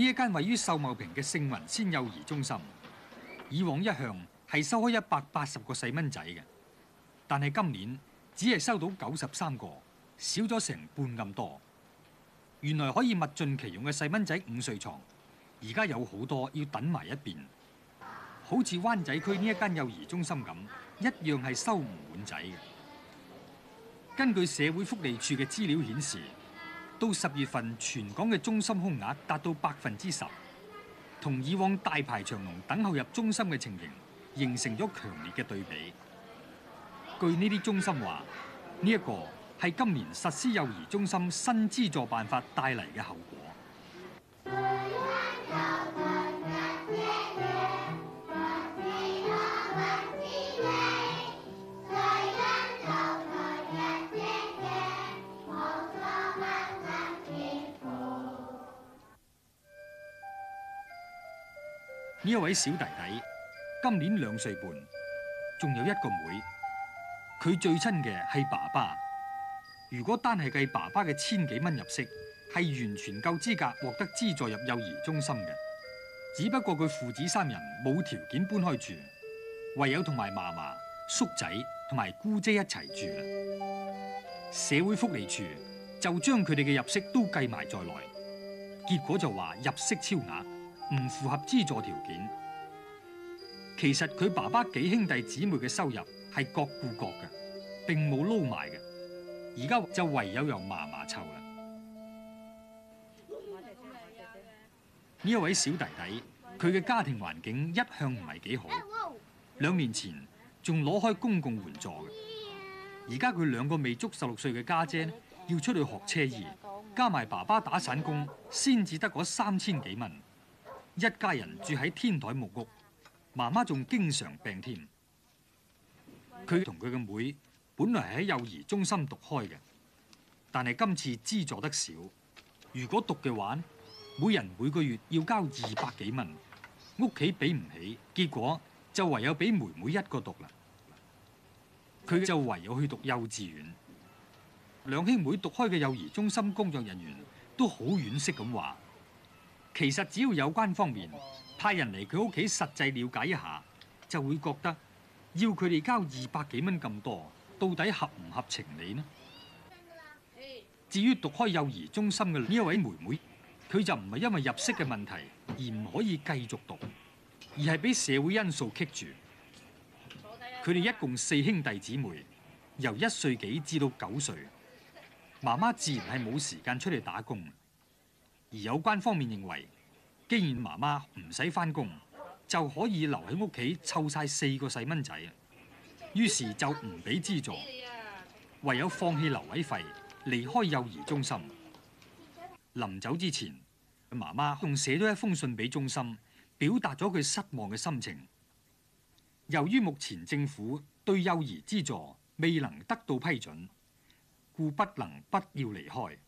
呢一間位於秀茂坪嘅聖雲仙幼兒中心，以往一向係收開一百八十個細蚊仔嘅，但係今年只係收到九十三個，少咗成半咁多。原來可以物盡其用嘅細蚊仔午睡床，而家有好多要等埋一邊，好似灣仔區呢一間幼兒中心咁，一樣係收唔滿仔嘅。根據社會福利署嘅資料顯示。到十月份，全港嘅中心空額達到百分之十，同以往大排長龍等候入中心嘅情形形成咗強烈嘅對比。據呢啲中心話，呢、這、一個係今年實施幼兒中心新資助辦法帶嚟嘅後果。呢一位小弟弟今年兩歲半，仲有一個妹妹，佢最親嘅係爸爸。如果單係計爸爸嘅千幾蚊入息，係完全夠資格獲得資助入幼兒中心嘅。只不過佢父子三人冇條件搬開住，唯有同埋嫲嫲、叔仔同埋姑姐一齊住。社會福利處就將佢哋嘅入息都計埋在內，結果就話入息超額。唔符合資助條件。其實佢爸爸幾兄弟姊妹嘅收入係各顧各嘅，並冇撈埋嘅。而家就唯有由嫲嫲湊啦。呢 一位小弟弟，佢嘅家庭環境一向唔係幾好。 兩年前仲攞開公共援助嘅，而家佢兩個未足十六歲嘅家姐要出去學車兒，加埋爸爸打散工，先至得嗰三千幾蚊。一家人住喺天台木屋，媽媽仲經常病添。佢同佢嘅妹本來係喺幼兒中心讀開嘅，但係今次資助得少。如果讀嘅話，每人每個月要交二百幾蚊，屋企俾唔起，結果就唯有俾妹妹一個讀啦。佢就唯有去讀幼稚園。兩兄妹讀開嘅幼兒中心工作人員都好惋惜咁話。其實只要有關方面派人嚟佢屋企實際了解一下，就會覺得要佢哋交二百幾蚊咁多，到底合唔合情理呢？至於讀開幼兒中心嘅呢一位妹妹，佢就唔係因為入息嘅問題而唔可以繼續讀，而係俾社會因素棘住。佢哋一共四兄弟姊妹，由一歲幾至到九歲，媽媽自然係冇時間出嚟打工。而有關方面認為，既然媽媽唔使翻工，就可以留喺屋企湊晒四個細蚊仔，於是就唔俾資助，唯有放棄留位費，離開幼兒中心。臨走之前，媽媽仲寫咗一封信俾中心，表達咗佢失望嘅心情。由於目前政府對幼兒資助未能得到批准，故不能不要離開。